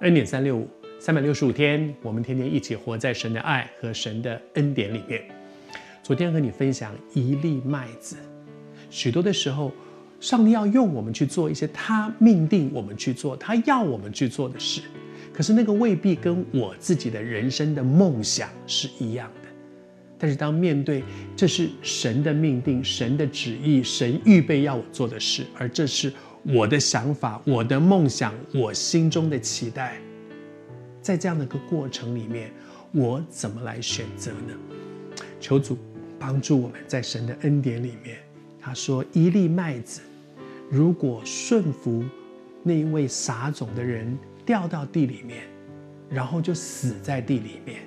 恩典三六五，三百六十五天，我們天天一起活在神的愛和神的恩典裡面。昨天和你分享一粒麥子，許多的時候，上帝要用我們去做一些他命定我們去做，他要我們去做的事。可是那個未必跟我自己的人生的夢想是一樣的。但是當面對這是神的命定，神的旨意，神預備要我做的事，而這是，我的想法，我的夢想，我心中的期待，在這樣的一個過程裡面，我怎麼來選擇呢？求主幫助我們在神的恩典裡面。他說：“一粒麥子，如果順服那一位撒種的人，掉到地裡面，然後就死在地裡面，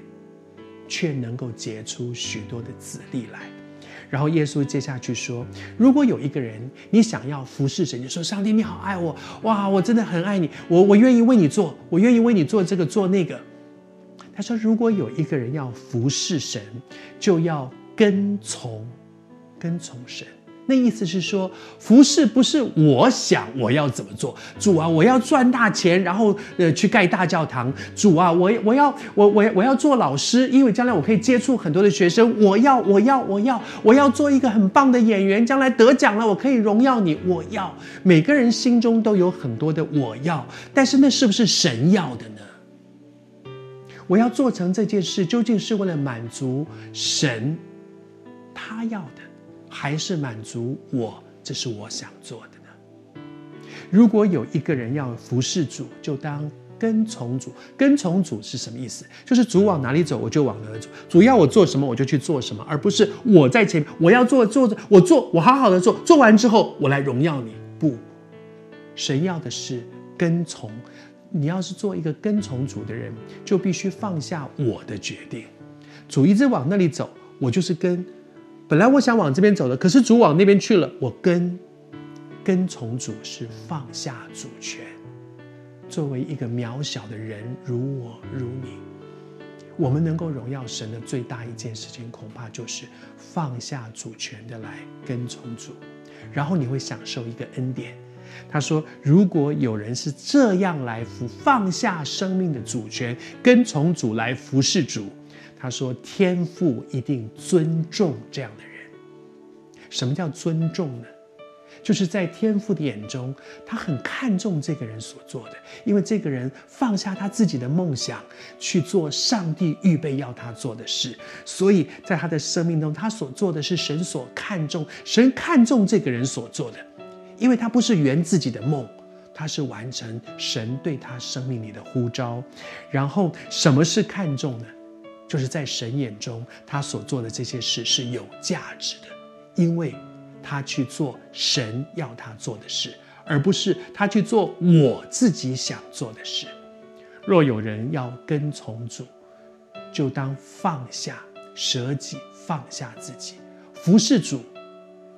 卻能夠結出許多的子粒來。”然後耶穌接下去說：“如果有一個人，你想要服侍神，你說：‘上帝你好愛我，哇，我真的很愛你，我我願意為你做，我願意為你做這個，做那個。’他說：‘如果有一個人要服侍神，就要跟從，跟從神。’”那意思是說，服侍不是我想我要怎麼做。主啊，我要賺大錢，然後呃去蓋大教堂。主啊，我我要我我要我要做老師，因為將來我可以接觸很多的學生。我要我要我要我要做一個很棒的演員，將來得獎了，我可以榮耀你。我要。每個人心中都有很多的我要，但是那是不是神要的呢？我要做成這件事，究竟是為了滿足神他要的？還是滿足我，這是我想做的呢？如果有一個人要服侍主，就當跟從主。跟從主是什麼意思？就是主往哪裡走，我就往哪裡走；主要我做什麼，我就去做什麼，而不是我在前面，我要做做着，我做我好好的做，做完之後我來榮耀你。不，神要的是跟從。你要是做一個跟從主的人，就必須放下我的決定。主一直往那裡走，我就是跟。本來我想往這邊走的，可是主往那邊去了。我跟，跟從主是放下主權，作為一個渺小的人如我如你，我們能夠榮耀神的最大一件事情，恐怕就是放下主權的來跟從主，然後你會享受一個恩典。他說，如果有人是這樣來服，放下生命的主權，跟從主來服侍主。他說：“天父一定尊重這樣的人。什麼叫尊重呢？就是在天父的眼中，他很看重這個人所做的，因為這個人放下他自己的夢想，去做上帝預備要他做的事。所以在他的生命中，他所做的是神所看重，神看重這個人所做的，因為他不是圓自己的夢，他是完成神對他生命裡的呼召。然後，什麼是看重呢？”就是在神眼中，他所做的這些事是有價值的，因為他去做神要他做的事，而不是他去做我自己想做的事。若有人要跟從主，就當放下、舍己、放下自己。服侍主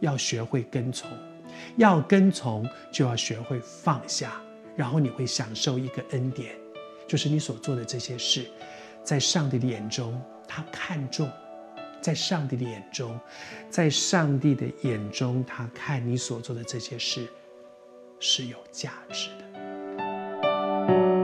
要學會跟從，要跟從就要學會放下，然後你會享受一個恩典，就是你所做的這些事。在上帝的眼中，他看重；在上帝的眼中，在上帝的眼中，他看你所做的這些事，是有價值的。